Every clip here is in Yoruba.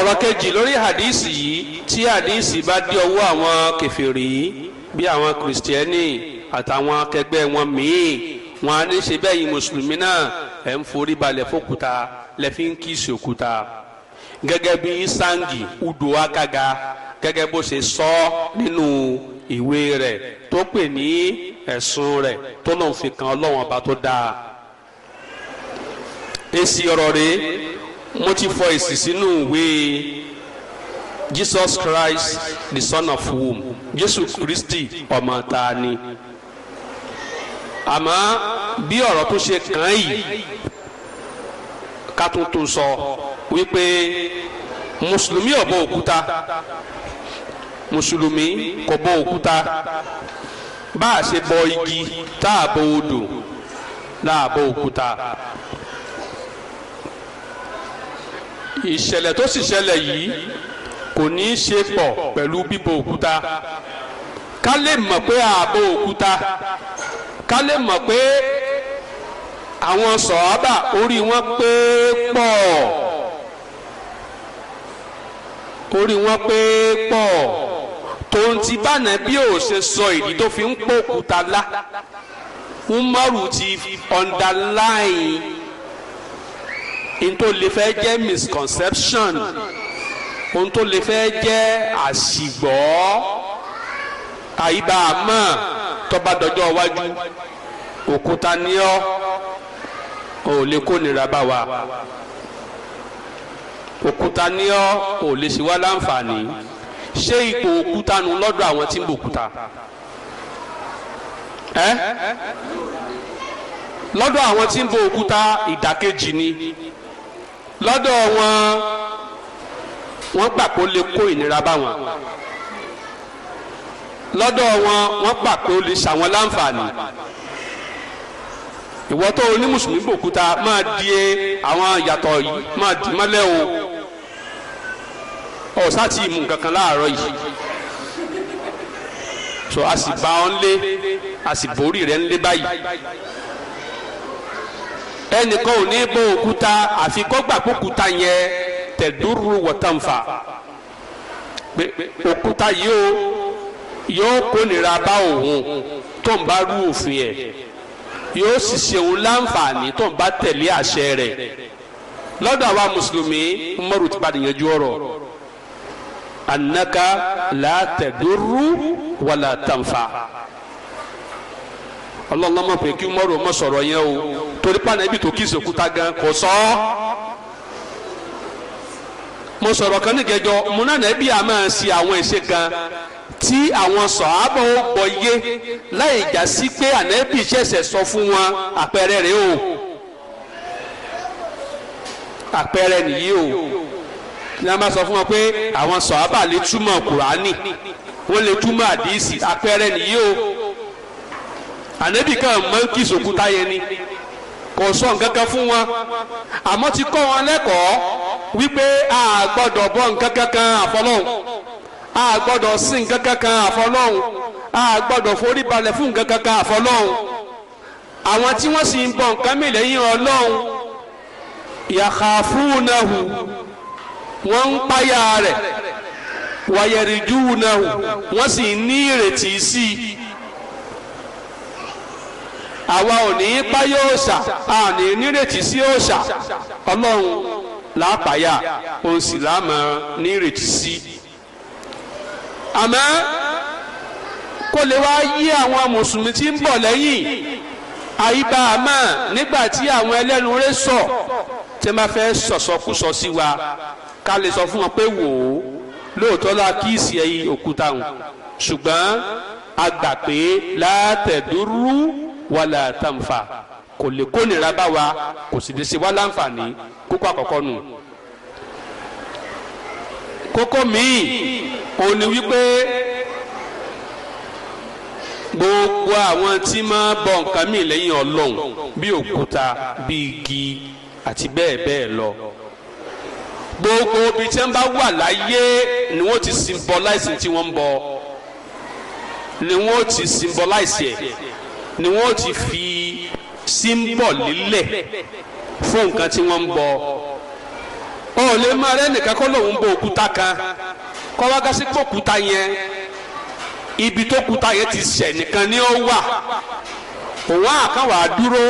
ọ̀rọ̀ kejì lórí hadisi yìí tí hadisi bá dé ọwọ́ àwọn kèfèrí bí àwọn kìrìsìtẹ́nì àtàwọn akẹgbẹ́ wọn míì wọn á ní ṣe bẹ́ẹ̀ yìí mùsùlùmí náà ẹ̀ ń forí balẹ̀ fókúta lẹ́fí ń kí ìsòkúta gẹ́gẹ́ bí sangi udo akaga gẹ́gẹ́ bó ṣe sọ nínú ìwé rẹ̀ tó pè ní ẹ̀sùn rẹ̀ tó lọ́n fi kan ọlọ́wọ́n ọba tó dáa èsì ọ̀rọ̀ rèé mo ti fọ èsì sínú ìwé Jesus Christ the son of whom Jésù Kristi ọmọ ta ni àmọ́ bí ọ̀rọ̀ tó ṣe kàn án yìí ká tún tún sọ wípé mùsùlùmí ò bọ òkúta mùsùlùmí kò bọ òkúta bá a ṣe bọ igi tá a bọ odò láàbọ òkúta ìṣẹ̀lẹ̀ tó sì ṣẹlẹ̀ yìí kò ní í ṣe pọ̀ pẹ̀lú bíbo òkúta ká lè mọ̀ pé ààbò òkúta ká lè mọ̀ pé àwọn sọ̀ọ́bà orí wọn pé pọ̀ orí wọn pé pọ̀ tòun ti bànà bí ò ṣe sọ ìdí tó fi ń pòkúta lá Umaru ti underline n tó lè fẹ́ misconception ohun tó lè fẹ́ jẹ́ àṣìgbọ́ àyíbá àmọ́ tọ́ba dọjọ́ iwájú òkúta ní o ò lè kó nira bá wa òkúta ní ọ́ ò lè ṣe wá láǹfààní ṣé ipò òkúta nu lọ́dọ̀ àwọn tí ń bò òkúta ẹ́ lọ́dọ̀ àwọn tí ń bò òkúta ìdàkejì ni. Eh? lọ́dọ̀ wọn wọ́n gbà kó lè kó ìnira bá wọn lọ́dọ̀ wọn wọ́n gbà kó lè ṣàwọn láǹfààní ìwọ tó o ní mùsùlùmí bòkúta máa di e, àwọn yàtọ̀ yìí máa dì mọ́lẹ̀ o ọ̀sá ti mú kankan láàárọ̀ yìí so a sì bá ọ ń lé a sì borí rẹ ń lé báyìí ẹnìkan ò ní bọ òkúta àfi kọ́gbà kúkúta yẹn tẹ̀dúrú wọ̀tánfà pé òkúta yìí ó yóò kónira bá òun tó ń bá rú òfin yẹn yóò sì ṣe òun láǹfààní tó ń bá tẹ̀lé àṣẹ rẹ̀ lọ́dọ̀ àwa mùsùlùmí umaru ti padà yanjú ọ̀rọ̀ anaka la tẹ̀dúrú wàlà ọlọ́run mọ̀ pé kí umaru mọ̀ sọ̀rọ̀ yẹn o torí pàánà ibi tó kí ìsòkúta gan kò sọ ọ́ mo sọ̀rọ̀ kan nígẹjọ mo náà nẹ́bí a máa ṣe àwọn ìṣe kan tí àwọn sọ̀hábà ó gbọ́ yé láì já sí pé ànẹ́bí ṣẹ̀ṣẹ̀ sọ fún wọn àpẹẹrẹ rẹ o àpẹẹrẹ nìyí o ní a máa sọ fún wọn pé àwọn sọ̀hábà lè túmọ̀ kùránì wọ́n lè túmọ̀ àdìsí àpẹẹrẹ nìyí o ànábì kan máa ń kí sòkúta yẹn ni kò sọ nǹkan kan fún wọn àmọ́ ti kọ́ wọn lẹ́kọ̀ọ́ wípé a gbọ́dọ̀ bọ nǹkan kankan àfọlọ́hún a gbọ́dọ̀ sí nǹkan kankan àfọlọ́hún a gbọ́dọ̀ forí balẹ̀ fún nǹkan kankan àfọlọ́hún àwọn tí wọ́n sì ń bọ nǹkan mi lẹ́yìn ọlọ́hún yàkàfúnahu wọ́n ń páyà rẹ̀ wàyẹ̀rìjúnahu wọ́n sì ń ní ìrètí sí i àwa ò ní páyé òòṣà a ní nírètí sí òòṣà ọlọ́run làápàyà òun sì láàmà nírètí sí. àmọ́ kó lè wá yí àwọn mùsùlùmí tí ń bọ̀ lẹ́yìn àyíbá àmọ́ nígbà tí àwọn ẹlẹ́nu rẹ̀ sọ tí wọ́n fẹ́ sọ̀sọ́kúsọ sí wa ká lè sọ fún wọn pé wò ó lóòótọ́ la kí ìsì ẹyin òkúta hùn ṣùgbọ́n a gbà pé látẹ̀dúrú Wala tàǹfà kò lè kó nira bá wa kò sì lè ṣe wá láǹfààní kókó àkọ́kọ́ nù. kókó míì òun ni wípé gbogbo àwọn tí máa bọ nǹkan míì lẹ́yìn ọlọ́run bí òkúta bí igi àti bẹ́ẹ̀ bẹ́ẹ̀ lọ gbogbo ibi tí wọ́n bá wà láyé ni wọ́n ti symbolize tí wọ́n bọ ni wọ́n ti symbolize ẹ̀ ni wọ́n ti fi símbọ̀ lílẹ̀ fún nǹkan tí wọ́n ń bọ ọ ò lè máa rẹ́nìkan kọ́ lòun bọ òkúta kan kọ́ wá gá sí pé òkúta yẹn ibi tó kúta yẹn ti sẹ̀ nìkan ni ó wà òun àkàn wàá dúró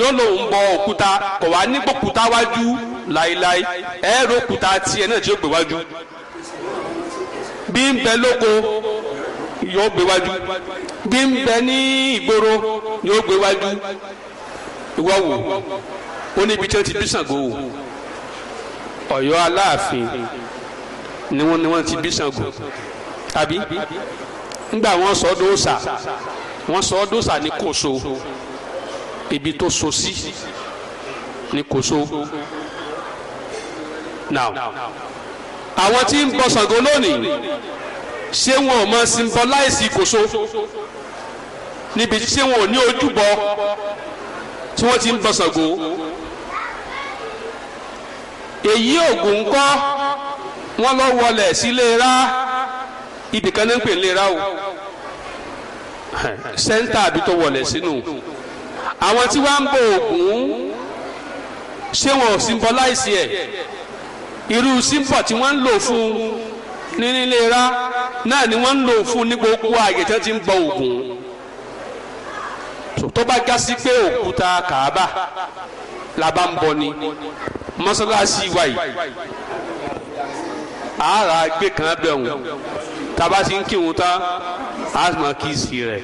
yóò lòun bọ òkúta kò wá nígbò kúta wájú láéláé ẹ̀ẹ́rọ òkúta tiẹ̀ náà tí ó gbé wájú bí ń bẹ lóko yóò gbé wájú bí ń bẹ ní ìgboro yóò gbé wájú ìwọ wò ó níbi tí wọ́n ti bí Ṣàngó wò Ọ̀yọ́ Aláàfin ni wọn ni ti bí sọ dóòsà sọ dóòsà ibi tó so sí ní Kòso now àwọn tí ń bọ Ṣàngó lónìí. ṣé wọn ò mọ symbolize ìkòso níbi ṣé wọn ò ní ojúbọ tí wọ́n ti ń bọ Ṣàngó èyí Ògún ńkọ́ wọ́n lọ wọlé sílé rá ibìkan ní ń pè lé rá o sẹ́ńtà àbí tó wọlé sínú àwọn tí wọ́n ń bọ Ògún ṣé wọn ò symbolize ẹ̀ irú símbọ̀ tí wọ́n ń lò fún un ní rá náà ni wọ́n ń lò fún ní gbogbo ààyè tí wọ́n ti ń gbọ́ ògùn tó bá já sí pé òkúta kàába la bá ń bọ ni mọ́sálásí wa yìí àárà gbé kan bẹ̀ wọ́n taba ti ń kírun tán asma kìsì rẹ̀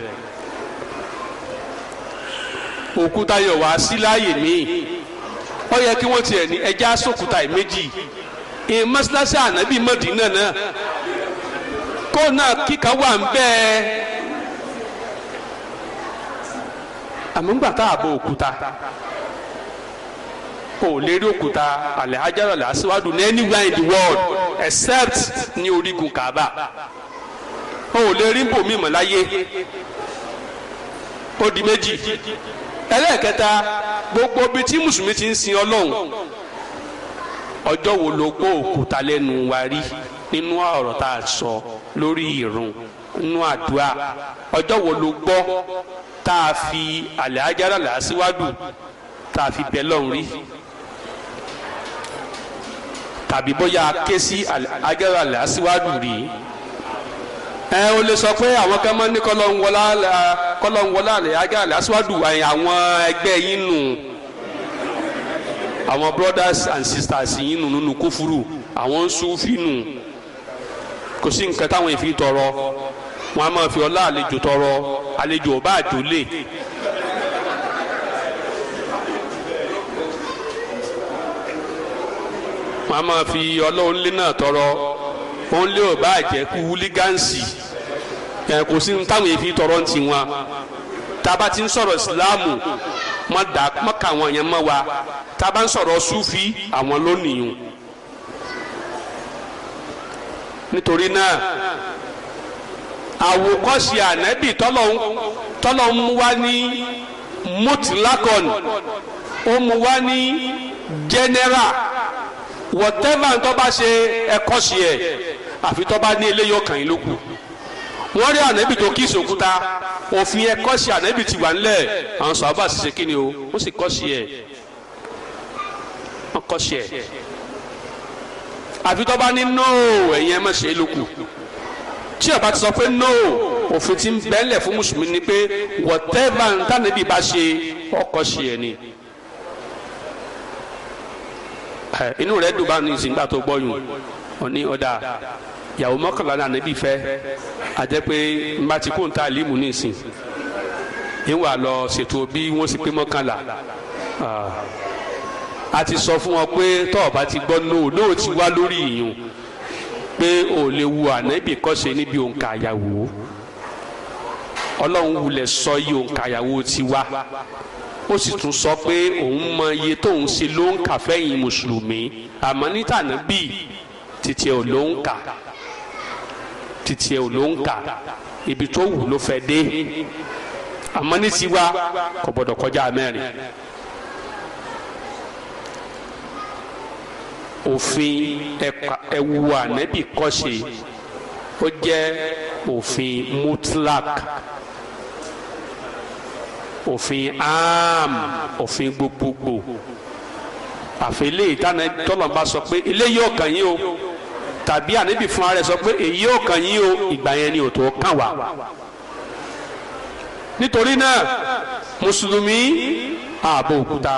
òkúta yọ̀ wá sí láàyè míì ó yẹ kí wọ́n tiẹ̀ ní ẹja sókúta méjì ìmọ̀sálásí ànábì Mẹ́dínà náà. ẹ̀kọ́ kika kíkà wà ń bẹ́ẹ̀ àmúgbà tá a bọ okuta kò lérí òkúta alẹ́hájára làásìwádùú ní anywhere in the world except ní kaaba o ò lè rí bòmí mọ̀ láyé ó di meji ẹlẹ́ẹ̀kẹta gbogbo bi tí musulmi ti n sin ọlọ́run ọjọ́ wo ló gbọ́ okuta lẹ́nu wa nínú ọ̀rọ̀ tá a sọ lórí ìrun nínú àdúrà ọjọ́ wo ló gbọ́ tá a fi àlàájára là á síwájú tá a fi bẹ lọ́run rí tàbí bóyá a ké sí àlàájára là á síwájú rí ẹ o lè sọ pé àwọn kan máa ń ní kọlọ́nwọlá kọlọ́nwọlá àlàájára là síwájú àwọn ẹgbẹ́ yín nù àwọn brothers and sisters yín nù nínú kófúrú àwọn ń fínù kò sí nǹkan táwọn èèyàn fi tọrọ wọn a máa fi ọlá àlejò tọrọ àlejò ò bá àjò lè. wọn a máa fi ọlá onílé náà tọrọ onílé ò bá àjẹ́ kú wúlígáǹsì kò sí táwọn èèyàn fi tọrọ ń tiwọn tába ti ń sọ̀rọ̀ ìsìláàmù mọ̀ dà yẹn mọ̀ wa tába ń sọ̀rọ̀ súfì àwọn lónìí nítorí náà àwòkọ́ṣe ànábì tọ́lọ̀ ń wá ní mutlakon ó mu wá ní general whatever tó bá ṣe ẹ̀kọ́ ṣe ẹ̀ àfi tó bá ní eléyìí ọkàn yìí ló kù wọ́n rí ànábì tó kí ìsòkúta òfin ẹ̀kọ́ ṣe ànábì ti wà ńlẹ̀ àwọn sọ̀rọ̀ bá ṣiṣẹ́ kí ni o ó sì kọ́ ṣe ẹ̀ wọ́n kọ́ ṣe ẹ̀ àfi tó bá ní no ẹ̀yin ẹ má ṣe é lókù tí ọba ti sọ pé no òfin ti ń bẹ́lẹ̀ fún mùsùlùmí ni pé whatever ntánibí bá ṣe ọkọ̀ ṣe ẹ̀ ni inú rẹ̀ dùn bá ní ìsìngbà tó gbọ́yùn òní ọ̀dà ìyàwó mọ́kànlá náà níbí fẹ́ àjẹ́ pé má ti kó ń ta àlímù ní ìsìn ìwà lọ ṣètò bí wọ́n sì pé mọ́kànlá. Ah a ti sọ fún wọn pé tó bá ti gbọ́ nóò nóò ti wá lórí ìyún pé ò lè wu ànábì kọ́ṣe níbi òǹkà àyàwó ọlọ́run wulẹ̀ sọ iye òǹkà àyàwó ti wá ó sì tún sọ pé òun mọ iye tóun ṣe ló ń kà fẹ́yìn mùsùlùmí àmọ́ níta ànábì títí ẹ̀ ò ló ń kà títí ẹ̀ ò ló ń kà ibi tó wù ló fẹ́ dé àmọ́ ní tiwa kò gbọ́dọ̀ kọjá mẹ́rin. òfin ẹ̀wù ànẹ́bì kọ́ṣe ó jẹ́ òfin mutlak òfin am òfin gbogbogbò àfi eléyìí tánà tọ́lọ̀mbá sọ pé eléyìí ò kàn yín o tàbí ànẹ́bì fúnra rẹ̀ sọ pé èyí ò kàn o ìgbà yẹn ni ò kàn wá nítorí náà mùsùlùmí ààbò òkúta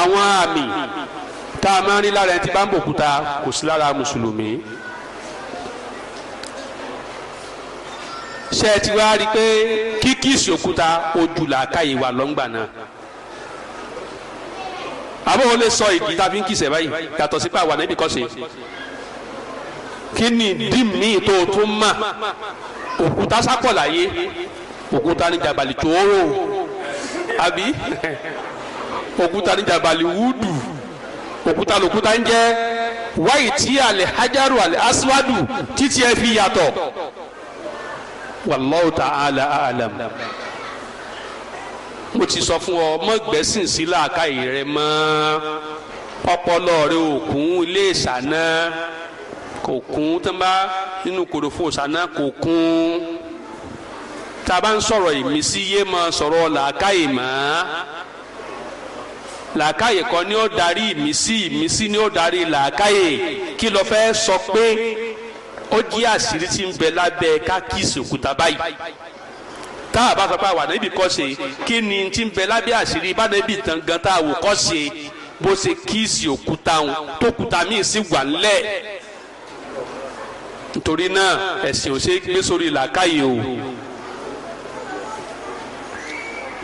àwọn àmì tá a máa ń rí lára ẹni tí bá ń bòkúta kò sí lára mùsùlùmí. ṣé ẹ ti wá rí i pé kíkí ìṣòkúta ojú làákàyè wà lọ́ngbà náà àbọ̀ wọlé sọ ìdí tàbí ń kìsẹ̀ báyìí yàtọ̀ sí pé àwa níbi kọ́sẹ̀ kí ni dì mí tó o tún mà òkúta sákọ̀láyé òkúta ní jabali tóóró àbí òkúta ní jabali wúdù òkúta lòkúta ń jẹ́ wáyì tí alẹ́ hajaru alẹ́ aswadu títí ẹ fi yàtọ̀ wallahu ta'ala alam mo ti sọ fún ọ mọ gbẹ́sìn sí làákàyè rẹ mọ́ ọpọlọ rẹ òkun ilé ìṣáná kò kún tó ń bá nínú kòròfò ìṣáná kò kún tá a bá ń sọ̀rọ̀ ìmísí yé mọ́ sọ̀rọ̀ làákàyè mọ́ làákàyè kan ni ó darí ìmísí ìmísí ni ó darí làákàyè kí ló fẹ́ sọ pé ó jí àṣírí tí ń bẹ lábẹ́ kákìsì òkúta báyìí tá a bá sọ pé àwa níbi kọ́ ṣe kí ni tí ń bẹ lábẹ́ àṣírí ìbánibí tán gan tá a wò kọ́ ṣe bó ṣe kíìsì òkúta òun tó kúta míì sì wà ńlẹ̀ nítorí náà ẹ̀sìn ò ṣe é gbé sórí làákàyè o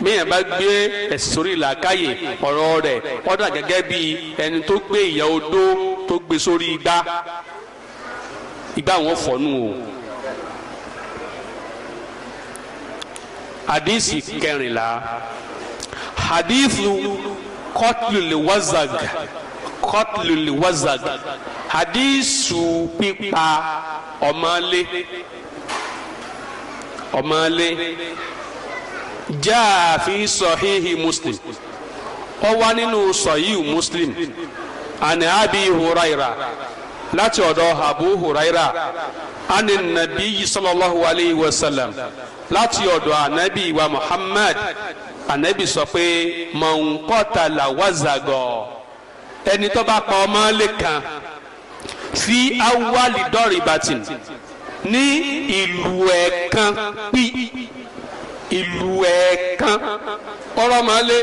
bẹ́ẹ̀ bá gbé ẹ̀sìn sórí làákàyè ọ̀rọ̀ rẹ̀ ọ̀dà gẹ́gẹ́ bí ẹni tó gbé ìyá odó tó gbé sórí igbá igbá wọn fọ̀nù o. hadisi kẹrìnlá hadithu kọtlùlì wazag kọtlùlì wazag hadisu pípa ọmọlé ọmọlé jaa fi sahihi muslim ó wá nínú sahihi muslim àni abi huraira láti ọ̀dọ̀ abu huraira àni nabi sallallahu alayhi wa sallam láti ọ̀dọ̀ anabi wa muhammad anabi sọ pé man qatala wazago ẹni tó bá pa ọmọ lè kan fi awali dọ́rìbàtìn ní ìlú ẹ̀ẹ̀kan pí ìlú ẹ̀ẹ̀kan ọ̀rọ̀ máa lé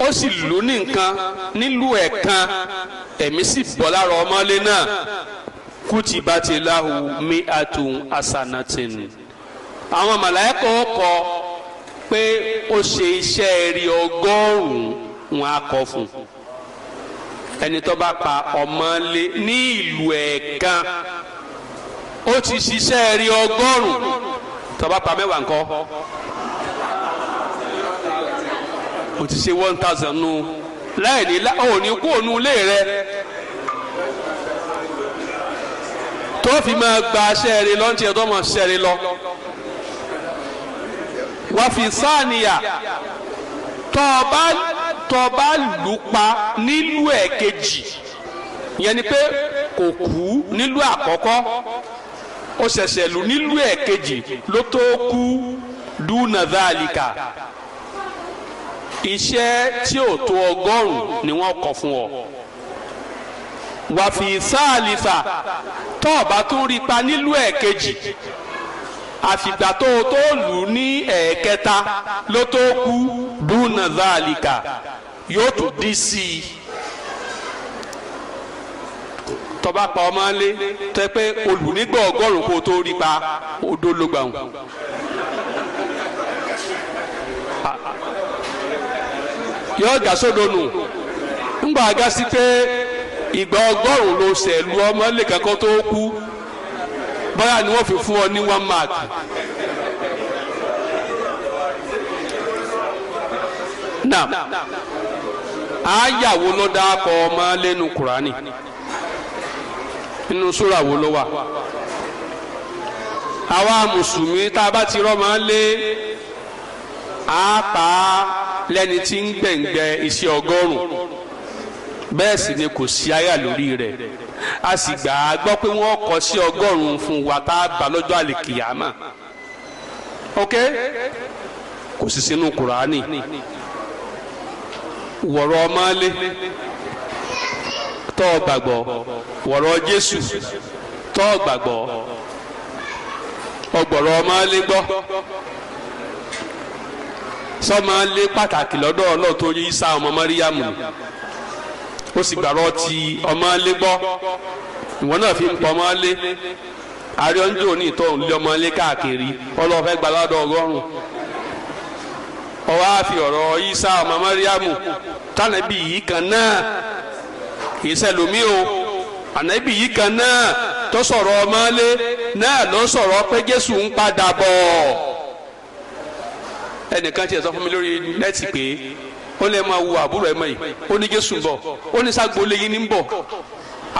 ó sì lù ní nǹkan nílùú ẹ̀ẹ̀kan ẹ̀mí sì bọ́ lára ọmọlé náà ti láhu mi àtún asanatin àwọn màláíkà kọ pé ó ṣe iṣẹ́ ọgọ́rùn-ún wọn fún pa ní ìlú ẹ̀ẹ̀kan ó ti ṣiṣẹ́ ọgọ́rùn tó bá pa mẹ́wàá ńkọ́ o ti ṣe one thousand nu láì ní ò ní kú òun ilé rẹ tó fi máa gba sẹ́ẹ̀rì lọ́ntì ẹ̀ tó mọ̀ sẹ́ẹ̀rì lọ wà fi sáàníyà tó bá tó nílùú ẹ̀ kejì yẹn ni pé kò kú nílùú àkọ́kọ́ ó ṣẹ̀ṣẹ̀ lù nílùú ẹ̀ kejì ló tó kú dúnà dáàlìkà iṣẹ́ tí ò tó ọgọ́rùn ni wọ́n kọ fún ọ wàfí sáàlìfà tó o bá tún rí pa nílùú ẹ̀ kejì àfìgbà tó tó lù ní ẹ̀ẹ̀kẹta ló tó kú dúnà dáàlìkà yóò tún dí sí i. tọba pa ọmọ lé tẹ pé olùnígbà ọgọ́rùn kò tó rí pa odó ló gbà wọn. yọ ọjà sódò nù ńgbà aga sí pé ìgbà ọgọ́rùn ló ṣẹlú ọmọ lè kankan tó kú báyà ni wọ́n fi fún ọ ní one mark. náà àyàwó ló dáa kọ ọmọ lẹ́nu kùránì. nínú súrà wo ló wà àwa mùsùlùmí tá a bá ti rọ́ máa lé àápa lẹ́ni tí ń gbẹ̀ngbẹ́ iṣẹ́ ọgọ́rùn bẹ́ẹ̀ sì ni kò sí àyà lórí rẹ̀ a sì gbà á gbọ́ pé wọ́n kọ sí ọgọ́rùn-ún fún wa tá a bá lọ́jọ́ àlèkìyàmà ok kò sì sínú kùránì wọ̀rọ̀ ọmọ lé. tọ́ ọ gbàgbọ́ wọ̀rọ̀ Jésù tọ́ ọ gbàgbọ́ ọgbọ̀rọ̀ ọmọ lé gbọ́ sọmọ lé pàtàkì lọ́dọ̀ Ọlọ́run isa ọmọ mariamu ó sì gbàrọ̀ ti ọmọ lé gbọ́ ìwọ náà fi ń pọ ọmọ lé àríọ́njú òní tó ń lé ọmọ lé káàkiri ọlọ́fẹ́ gbaládọ́ ọgọ́rùn ọwọ́ àfi ọ̀rọ̀ Ísà ọmọ mariamu tánàbí yìí kan náà kìí lomi o ànábì yìí kan náà tó sọ̀rọ̀ ọmọlé náà ló sọ̀rọ̀ pé jésù ń padà bọ̀ ẹnìkan sọ fún mi lórí nẹ́ẹ̀tì pé ó lè máa wo àbúrò ẹ̀ mọ́ yìí ó ní jésù ń bọ̀ ó ní ságbólé yín ní bọ̀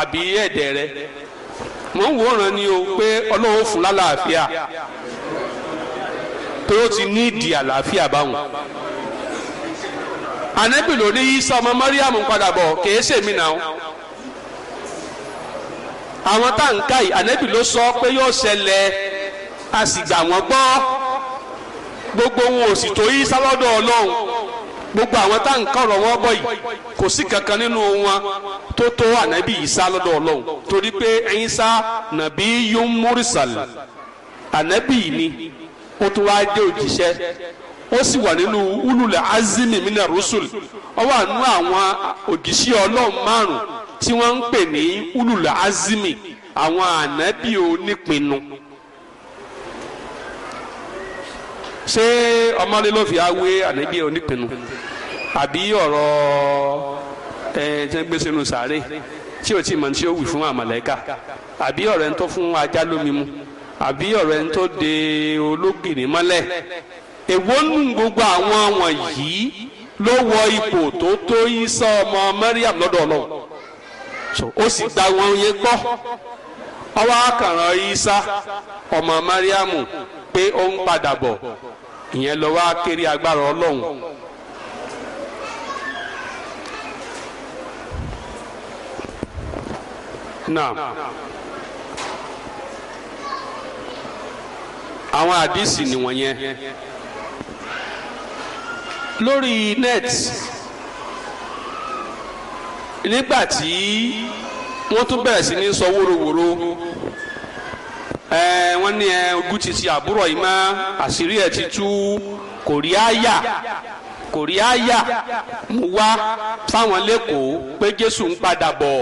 àbí ẹ̀dẹ̀ rẹ mò ń wòran ni o pé ọlọ́run fún lálàáfíà tó ti ní ìdí àlàáfíà báwọn. anebi ló ní Isa ọmọ Mariam ń padà bọ̀ kèé sèmi náà àwọn tá à ń ká yìí ànábì ló sọ pé yóò a sì gbà wọ́n gbọ́ gbogbo wọn ò sì tó Isa lọ́dọ̀ Ọlọ́run gbogbo àwọn tá à wọn bọ̀ yìí kò sí kankan nínú wọn tó tó Isa lọ́dọ̀ Ọlọ́run torí pé Isa nàbí yún múrísàlì ànábì ni ó tún wáá dé ó sì wà nínú ululẹ̀ azimi minna rusul ó wà nínú àwọn òjíṣẹ́ ọlọ́run márùn tí wọ́n ń pè ní azimi àwọn ànábì onípinnu. ṣé ọmọdé ló fi awé ànábì onípinnu àbí ọ̀rọ̀ ẹ̀ tẹ́ gbé sínú sàárè tí fún àmàlẹ́kà àbí ọ̀rẹ́ ń tó fún ajá lómi mu àbí ọ̀rẹ́ ń tó de èwo nù gbogbo àwọn wọ̀nyí ló wọ ipò tó tó Ìsá ọmọ Mariam lọ́dọ̀ o ó sì gba wọn yẹn gbọ́ ọwọ́ akàràn Ìsá ọmọ Mariam pé ó ń padà bọ̀ ìyẹn lọ wá kéré agbára Ọlọ́run. naam àwọn àdìsí nìwọ̀nyẹn. lórí net nígbà tí wọ́n tún bẹ̀rẹ̀ sí ní sọ wóróworó wọ́n ní ojú ti ti àbúrò yìí mọ́ àṣírí ẹ̀ ti tú kò rí àyà kò rí àyà mú wá fáwọn lẹ́kọ̀ọ́ pé Jésù ń padà bọ̀.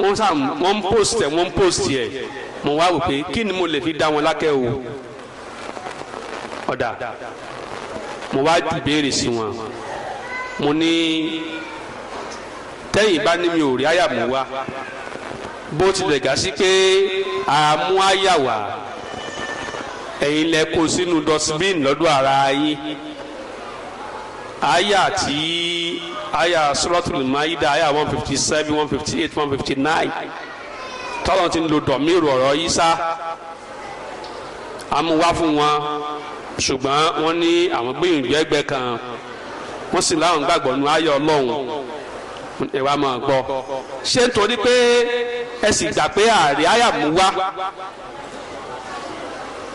wọ́n sá post ẹ̀ wọ́n post ẹ̀ mo wá wò pé kí ni mo lè fi dá wọn lákẹ́ o ọ̀dà mo wá ìbéèrè sí wọn mo ní tẹ́yìn bá ní mi ò rí àyà mú wá bó tilẹ̀ gà sí pé àmú àyà wá ẹ̀yin lẹ kó sínú dustbin lọ́dọ̀ ara yín aya ti aya suratul maida aya one fifty seven one fifty eight one fifty nine tọ́lọ́ ti ń lo dọ̀míìrù ọ̀rọ̀ Ìsá amúwá fún wọn ṣùgbọ́n wọ́n ní àwọn gbìyànjú ẹgbẹ́ kan wọ́n sì láwọn gbàgbọ́ nu ayọ̀ ọlọ́run ẹ wá máa gbọ́ ṣé nítorí pé ẹ sì gbà pé ààrẹ àyàmú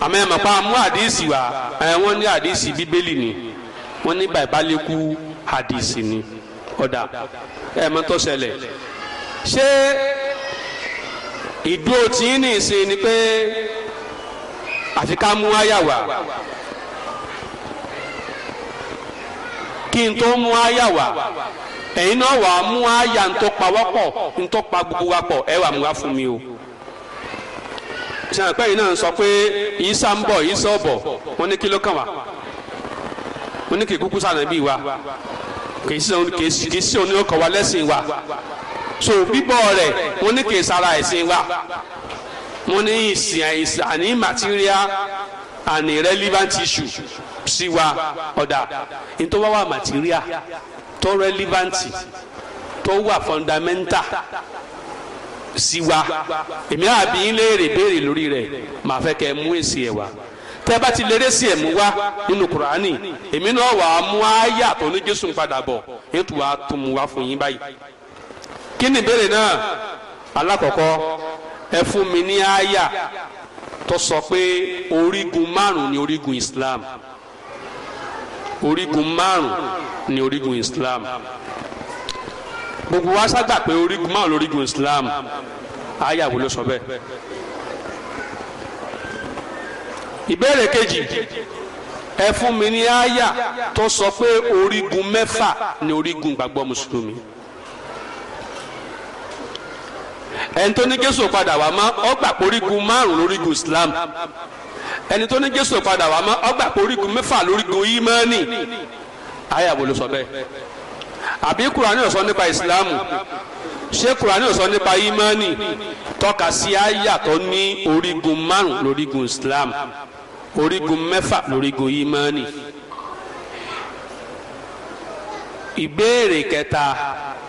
àmọ́ ẹ mọ̀ pa mú àdìsí wá ẹ wọ́n ní àdìsí bíbélì ni wọ́n ní bàbálékú àdìsí ni ọ̀dà ẹ mọ̀ tó ṣẹlẹ̀ ṣé ìdúró tí ń ní ìsìn ni pé àfi ká mú àyà wá kí n tó mú àyà wá ẹ̀yin náà wà á mú àyà tó pa wọ́pọ̀ tó pa gbogbo wa pọ̀ fún mi o pẹ́yìn náà sọ pé ìsà ń bọ̀ ìsà ọ̀bọ̀ wọ́n ní kí ló kàn ní kí kúkú sànà bí wa kì í sí òun ní so bíbọ̀ rẹ̀ mo ní kì í sara ẹ̀sìn wa mo ní ìsìn àìsàn àní material and relevant issue sí wa ọ̀dà nítorí wá wà material tó relevant tó wà fundamental sí wa èmi àbí ń léèrè béèrè lórí rẹ̀ màá fẹ́ kẹ́ mú èsì ẹ̀ wá tẹ́ bá ti lérè sí ẹ̀mú wá nínú Kùránì èmi náà wàá mú àyà tó ní Jésù padà bọ̀ ètò wa tó mu wá fún yín báyìí kí ni ìbéèrè náà alákọ̀ọ́kọ́ ẹ fún mi ní àyà tó sọ pé orígun márùn-ún ni orígun Islam orígun márùn-ún ni orígun Islam gbogbo wa ságbà pé orígun márùn-ún lórígun Islam àyà wo ló sọ bẹ́ẹ̀ ìbéèrè kejì ẹ fún mi ní àyà tó sọ pé orígun mẹ́fà ni orígun gbàgbọ́ mùsùlùmí. ẹni tó ní Jésù padà wá mọ́ ọgbà porígun márùn lórígun Islam ẹni tó ní Jésù padà wá mọ́ ọgbà porígun mẹ́fà lórígun ìmánì ayé àbò ló sọ bẹ́ẹ̀ àbí Kùránì ó nípa Islam ṣé Kùránì ó sọ nípa imani. tọ́ka sí àyà tó ní orígun márùn lórígun Islam orígun mẹ́fà lórígun ìmánì ìbéèrè kẹta.